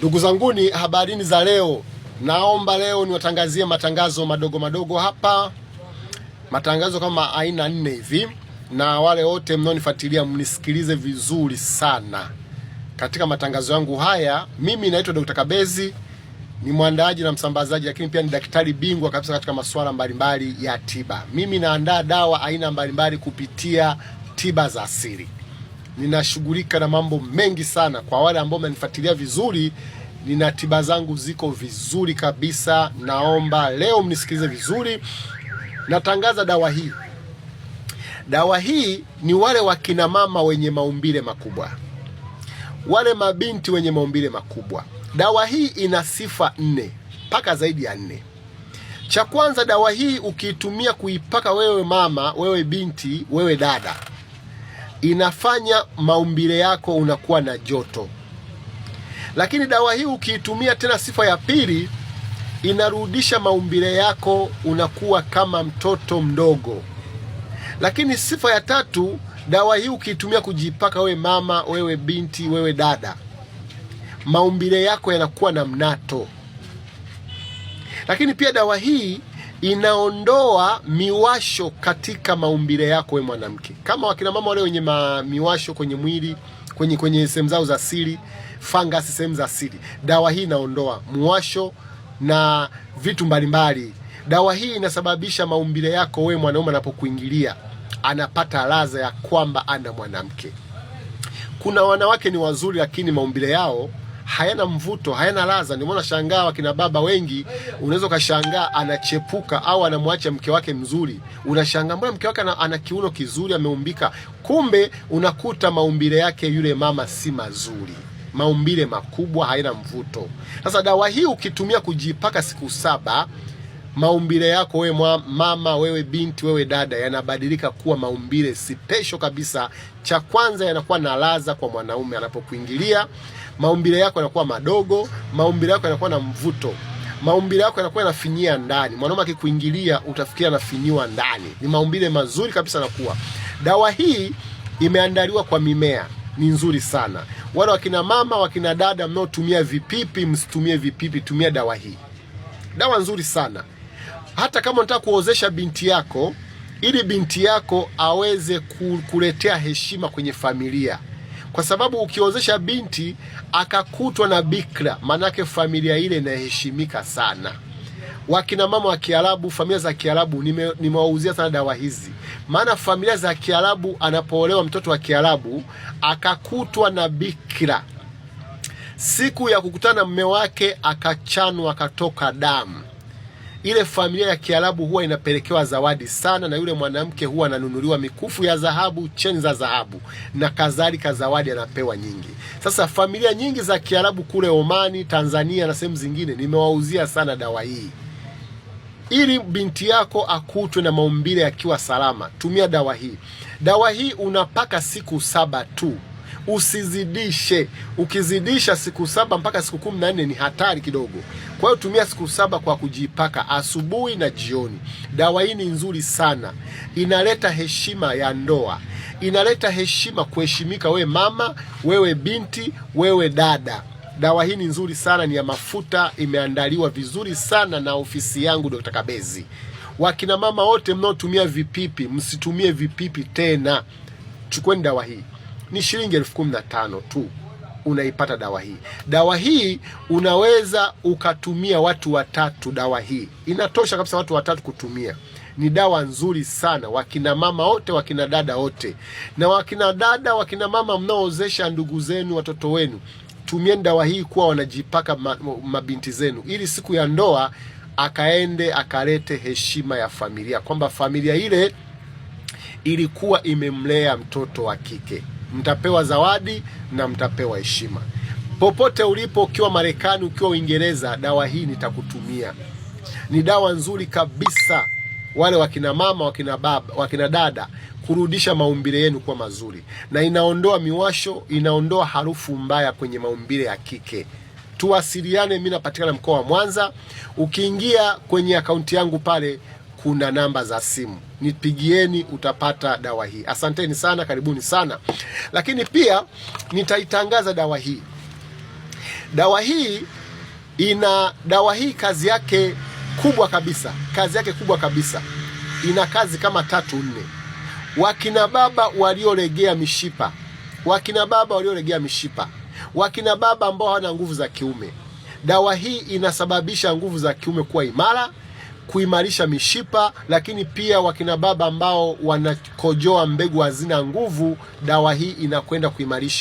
Ndugu zanguni, habarini za leo, naomba leo niwatangazie matangazo madogo madogo hapa, matangazo kama aina nne hivi, na wale wote mnaonifuatilia mnisikilize vizuri sana katika matangazo yangu haya. Mimi naitwa Dr. Kabezi, ni mwandaaji na msambazaji, lakini pia ni daktari bingwa kabisa katika masuala mbalimbali ya tiba. Mimi naandaa dawa aina mbalimbali kupitia tiba za asili ninashughulika na mambo mengi sana. Kwa wale ambao mnanifuatilia vizuri, nina tiba zangu ziko vizuri kabisa. Naomba leo mnisikilize vizuri, natangaza dawa hii. Dawa hii ni wale wakina mama wenye maumbile makubwa, wale mabinti wenye maumbile makubwa. Dawa hii ina sifa nne mpaka zaidi ya nne. Cha kwanza, dawa hii ukiitumia kuipaka wewe mama, wewe binti, wewe dada inafanya maumbile yako unakuwa na joto. Lakini dawa hii ukiitumia tena, sifa ya pili, inarudisha maumbile yako unakuwa kama mtoto mdogo. Lakini sifa ya tatu, dawa hii ukiitumia kujipaka, wewe mama, wewe binti, wewe dada, maumbile yako yanakuwa na mnato. Lakini pia dawa hii inaondoa miwasho katika maumbile yako wewe mwanamke. Kama wakina mama wale wenye miwasho kwenye mwili, kwenye kwenye sehemu zao za siri, fangasi sehemu za siri, dawa hii inaondoa muwasho na vitu mbalimbali. Dawa hii inasababisha maumbile yako wewe mwanaume anapokuingilia anapata ladha ya kwamba ana mwanamke. Kuna wanawake ni wazuri, lakini maumbile yao hayana mvuto, hayana ladha. Ndio maana shangaa wakina baba wengi, unaweza ukashangaa anachepuka au anamwacha mke wake mzuri, unashangaa mbona mke wake ana, ana kiuno kizuri, ameumbika. Kumbe unakuta maumbile yake yule mama si mazuri maumbile makubwa, haina mvuto. Sasa dawa hii ukitumia kujipaka siku saba maumbile yako wewe mama, wewe binti, wewe dada, yanabadilika kuwa maumbile sipesho kabisa. Cha kwanza, yanakuwa na ladha kwa mwanaume anapokuingilia. Maumbile yako yanakuwa madogo, maumbile yako yanakuwa na mvuto maumbile yako yanakuwa yanafinyia ndani. Mwanaume akikuingilia utafikiria anafinyiwa ndani. Ni maumbile mazuri kabisa yanakuwa. Dawa hii imeandaliwa kwa mimea, ni nzuri sana. Wale wakina mama, wakina dada mnaotumia vipipi, msitumie vipipi, tumia dawa hii. Dawa nzuri sana. Hata kama unataka kuozesha binti yako ili binti yako aweze kuletea heshima kwenye familia, kwa sababu ukiozesha binti akakutwa na bikra, maanake familia ile inaheshimika sana. Wakina mama wa Kiarabu, familia za Kiarabu nimewauzia sana dawa hizi, maana familia za Kiarabu, anapoolewa mtoto wa Kiarabu akakutwa na bikra, siku ya kukutana mme wake akachanwa, akatoka damu ile familia ya Kiarabu huwa inapelekewa zawadi sana, na yule mwanamke huwa ananunuliwa mikufu ya dhahabu, cheni za dhahabu na kadhalika, zawadi anapewa nyingi. Sasa familia nyingi za Kiarabu kule Omani, Tanzania na sehemu zingine, nimewauzia sana dawa hii ili binti yako akutwe na maumbile akiwa salama. Tumia dawa hii. Dawa hii unapaka siku saba tu usizidishe. Ukizidisha siku saba mpaka siku kumi na nne ni hatari kidogo. Kwa hiyo tumia siku saba kwa kujipaka asubuhi na jioni. Dawa hii ni nzuri sana, inaleta heshima ya ndoa, inaleta heshima kuheshimika, wewe mama, wewe binti, wewe dada. Dawa hii ni nzuri sana, ni ya mafuta, imeandaliwa vizuri sana na ofisi yangu Dr. Kabezi. Wakina mama wote mnaotumia vipipi, msitumie vipipi tena, chukueni dawa hii ni shilingi elfu kumi na tano tu unaipata dawa hii. Dawa hii unaweza ukatumia watu watatu, dawa hii inatosha kabisa watu watatu kutumia. Ni dawa nzuri sana, wakina mama wote, wakina dada wote, na wakina dada, wakina mama mnaoozesha ndugu zenu, watoto wenu, tumieni dawa hii kuwa wanajipaka mabinti zenu, ili siku ya ndoa akaende akalete heshima ya familia, kwamba familia ile ilikuwa imemlea mtoto wa kike mtapewa zawadi na mtapewa heshima. Popote ulipo, ukiwa Marekani, ukiwa Uingereza, dawa hii nitakutumia. Ni dawa nzuri kabisa, wale wakina mama, wakina baba, wakina dada, kurudisha maumbile yenu kuwa mazuri, na inaondoa miwasho, inaondoa harufu mbaya kwenye maumbile ya kike. Tuwasiliane, mimi napatikana mkoa wa Mwanza. Ukiingia kwenye akaunti yangu pale kuna namba za simu, nipigieni utapata dawa hii. Asanteni sana, karibuni sana. Lakini pia nitaitangaza dawa hii. Dawa hii ina dawa hii kazi yake kubwa kabisa, kazi yake kubwa kabisa, ina kazi kama tatu nne. Wakina baba walioregea mishipa, wakina baba walioregea mishipa, wakina baba ambao hawana nguvu za kiume, dawa hii inasababisha nguvu za kiume kuwa imara kuimarisha mishipa, lakini pia wakina baba ambao wanakojoa mbegu hazina nguvu, dawa hii inakwenda kuimarisha